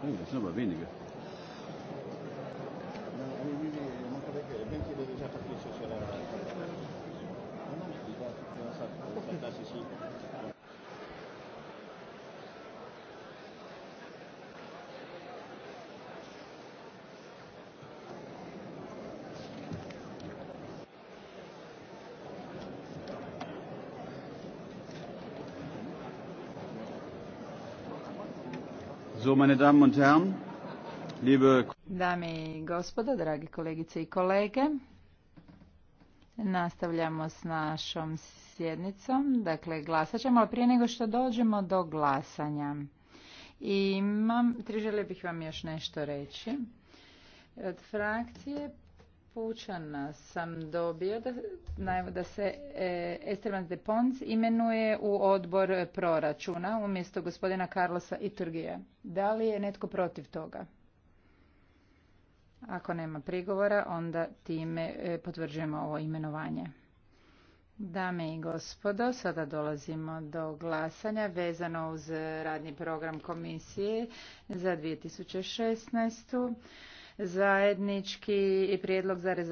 Das sind aber ga Dami Dame i gospodo, dragi kolegice i kolege, nastavljamo s našom sjednicom. Dakle, glasat ćemo, ali prije nego što dođemo do glasanja. I imam, tri želio bih vam još nešto reći. Od frakcije pučana sam dobio da, da se e, de Pons imenuje u odbor proračuna umjesto gospodina Carlosa Iturgija. Da li je netko protiv toga? Ako nema prigovora, onda time e, potvrđujemo ovo imenovanje. Dame i gospodo, sada dolazimo do glasanja vezano uz radni program komisije za 2016 zajednički prijedlog za rezoluciju